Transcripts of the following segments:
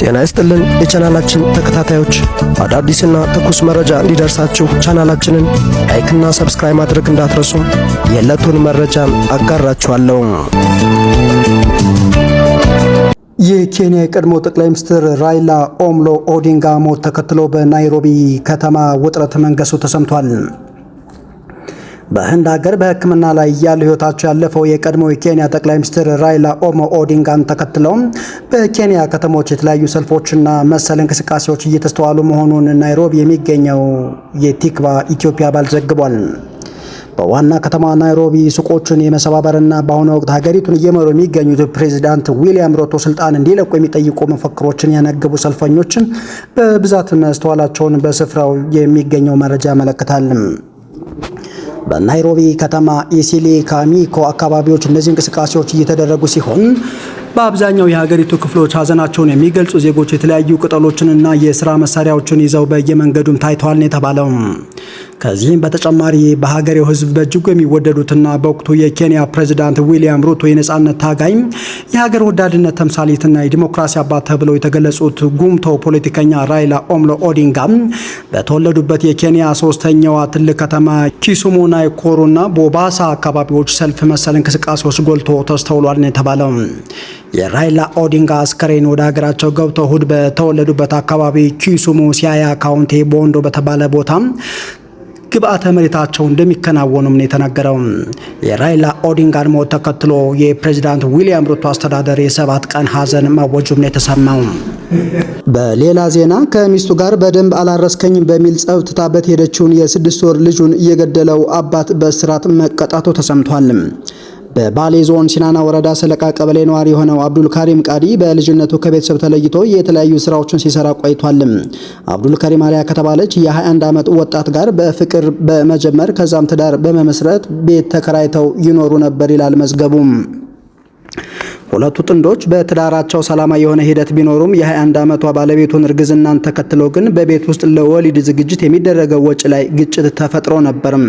ጤና ይስጥልን የቻናላችን ተከታታዮች፣ አዳዲስና ትኩስ መረጃ እንዲደርሳችሁ ቻናላችንን ላይክና ሰብስክራይብ ማድረግ እንዳትረሱ። የዕለቱን መረጃ አጋራችኋለሁ። የኬንያ የቀድሞ ጠቅላይ ሚኒስትር ራይላ ኦምሎ ኦዲንጋ ሞት ተከትሎ በናይሮቢ ከተማ ውጥረት መንገሱ ተሰምቷል። በህንድ ሀገር በሕክምና ላይ እያሉ ህይወታቸው ያለፈው የቀድሞ የኬንያ ጠቅላይ ሚኒስትር ራይላ ኦሞ ኦዲንጋን ተከትለውም በኬንያ ከተሞች የተለያዩ ሰልፎችና መሰል እንቅስቃሴዎች እየተስተዋሉ መሆኑን ናይሮቢ የሚገኘው የቲክቫ ኢትዮጵያ ባል ዘግቧል። በዋና ከተማ ናይሮቢ ሱቆቹን የመሰባበርና በአሁኑ ወቅት ሀገሪቱን እየመሩ የሚገኙት ፕሬዚዳንት ዊሊያም ሮቶ ስልጣን እንዲለቁ የሚጠይቁ መፈክሮችን ያነገቡ ሰልፈኞችን በብዛት መስተዋላቸውን በስፍራው የሚገኘው መረጃ ያመለክታል። በናይሮቢ ከተማ ኢሲሊ፣ ካሚኮ አካባቢዎች እነዚህ እንቅስቃሴዎች እየተደረጉ ሲሆን በአብዛኛው የሀገሪቱ ክፍሎች ሀዘናቸውን የሚገልጹ ዜጎች የተለያዩ ቅጠሎችንና የስራ መሳሪያዎችን ይዘው በየመንገዱም ታይተዋል ነው የተባለው። ከዚህም በተጨማሪ በሀገሬው ህዝብ በእጅጉ የሚወደዱትና በወቅቱ የኬንያ ፕሬዚዳንት ዊሊያም ሩቶ የነጻነት ታጋይም የሀገር ወዳድነት ተምሳሌትና የዲሞክራሲ አባት ተብለው የተገለጹት ጉምቶ ፖለቲከኛ ራይላ ኦምሎ ኦዲንጋ በተወለዱበት የኬንያ ሶስተኛዋ ትልቅ ከተማ ኪሱሙ ናይኮሩና ቦባሳ አካባቢዎች ሰልፍ መሰል እንቅስቃሴዎች ጎልቶ ተስተውሏል ነው የተባለው። የራይላ ኦዲንጋ አስከሬን ወደ ሀገራቸው ገብተው እሁድ በተወለዱበት አካባቢ ኪሱሙ ሲያያ ካውንቴ ቦንዶ በተባለ ቦታ ግብአተ መሬታቸው እንደሚከናወኑም ነው የተናገረው። የራይላ ኦዲንጋን ሞት ተከትሎ የፕሬዚዳንት ዊሊያም ሩቶ አስተዳደር የሰባት ቀን ሀዘን ማወጁም ነው የተሰማው። በሌላ ዜና ከሚስቱ ጋር በደንብ አላረስከኝም በሚል ጸብ ትታበት ሄደችውን የስድስት ወር ልጁን እየገደለው አባት በእስራት መቀጣቱ ተሰምቷል። በባሌ ዞን ሲናና ወረዳ ሰለቃ ቀበሌ ነዋሪ የሆነው አብዱል ካሪም ቃዲ በልጅነቱ ከቤተሰብ ተለይቶ የተለያዩ ስራዎችን ሲሰራ ቆይቷልም። አብዱል ካሪም አሊያ ከተባለች የ21 ዓመት ወጣት ጋር በፍቅር በመጀመር ከዛም ትዳር በመመስረት ቤት ተከራይተው ይኖሩ ነበር ይላል መዝገቡም። ሁለቱ ጥንዶች በትዳራቸው ሰላማዊ የሆነ ሂደት ቢኖሩም የ21 ዓመቷ ባለቤቱን እርግዝናን ተከትሎ ግን በቤት ውስጥ ለወሊድ ዝግጅት የሚደረገው ወጪ ላይ ግጭት ተፈጥሮ ነበርም።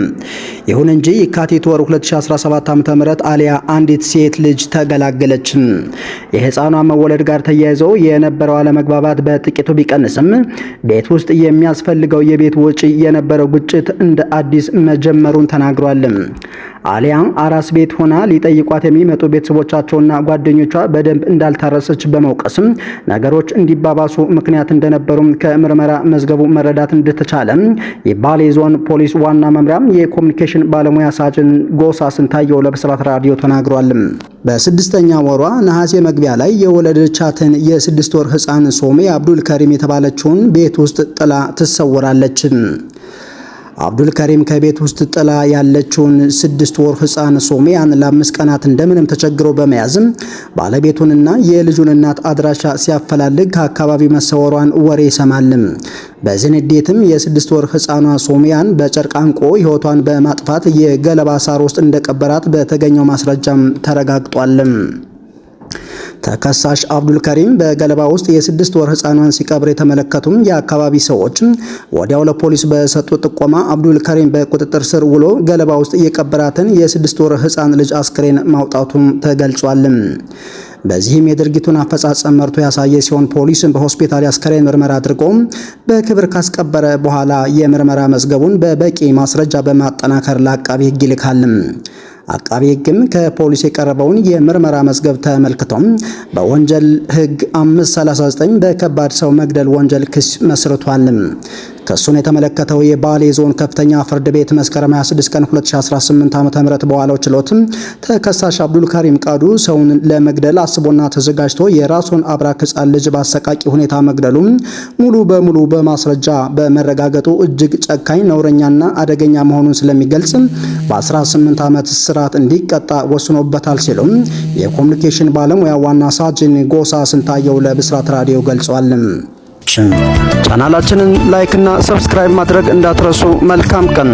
ይሁን እንጂ የካቲት ወር 2017 ዓ.ም አሊያ አንዲት ሴት ልጅ ተገላገለች። የህፃኗ መወለድ ጋር ተያይዞ የነበረው አለመግባባት በጥቂቱ ቢቀንስም ቤት ውስጥ የሚያስፈልገው የቤት ወጪ የነበረው ግጭት እንደ አዲስ መጀመሩን ተናግሯል። አሊያ አራስ ቤት ሆና ሊጠይቋት የሚመጡ ቤተሰቦቻቸውና ጓደ ጓደኞቿ በደንብ እንዳልታረሰች በመውቀስም ነገሮች እንዲባባሱ ምክንያት እንደነበሩም ከምርመራ መዝገቡ መረዳት እንደተቻለ የባሌ ዞን ፖሊስ ዋና መምሪያም የኮሚኒኬሽን ባለሙያ ሳጅን ጎሳ ስንታየው ለብስራት ራዲዮ ተናግሯል። በስድስተኛ ወሯ ነሐሴ መግቢያ ላይ የወለደቻትን የስድስት ወር ህፃን ሶሜ አብዱል ከሪም የተባለችውን ቤት ውስጥ ጥላ ትሰውራለች። አብዱል ከሪም ከቤት ውስጥ ጥላ ያለችውን ስድስት ወር ህፃን ሶሚያን ለአምስት ቀናት እንደምንም ተቸግሮ በመያዝም ባለቤቱንና የልጁን እናት አድራሻ ሲያፈላልግ ከአካባቢው መሰወሯን ወሬ ይሰማልም። በዚህ ንዴትም የስድስት ወር ህፃኗ ሶሚያን በጨርቅ አንቆ ህይወቷን በማጥፋት የገለባ ሳር ውስጥ እንደቀበራት በተገኘው ማስረጃም ተረጋግጧልም። ተከሳሽ አብዱል ከሪም በገለባ ውስጥ የስድስት ወር ህፃኗን ሲቀብር የተመለከቱም የአካባቢ ሰዎች ወዲያው ለፖሊስ በሰጡ ጥቆማ አብዱል ከሪም በቁጥጥር ስር ውሎ ገለባ ውስጥ የቀበራትን የስድስት ወር ህፃን ልጅ አስክሬን ማውጣቱም ተገልጿል። በዚህም የድርጊቱን አፈጻጸም መርቶ ያሳየ ሲሆን ፖሊስ በሆስፒታል የአስከሬን ምርመራ አድርጎ በክብር ካስቀበረ በኋላ የምርመራ መዝገቡን በበቂ ማስረጃ በማጠናከር ለአቃቢ ህግ ይልካል። አቃቤ ሕግም ከፖሊስ የቀረበውን የምርመራ መዝገብ ተመልክቶም በወንጀል ሕግ 539 በከባድ ሰው መግደል ወንጀል ክስ መስርቷል። ክሱን የተመለከተው የባሌ ዞን ከፍተኛ ፍርድ ቤት መስከረም 26 ቀን 2018 ዓ.ም በዋለው ችሎትም ተከሳሽ አብዱል ካሪም ቃዱ ሰውን ለመግደል አስቦና ተዘጋጅቶ የራሱን አብራክ ሕፃን ልጅ በአሰቃቂ ሁኔታ መግደሉም ሙሉ በሙሉ በማስረጃ በመረጋገጡ እጅግ ጨካኝ ነውረኛና አደገኛ መሆኑን ስለሚገልጽ በ18 ዓመት እስራት እንዲቀጣ ወስኖበታል ሲሉም የኮሚኒኬሽን ባለሙያ ዋና ሳጅን ጎሳ ስንታየው ለብስራት ራዲዮ ገልጿል። ዜናዎችን። ቻናላችንን እና ሰብስክራይብ ማድረግ እንዳትረሱ። መልካም ቀን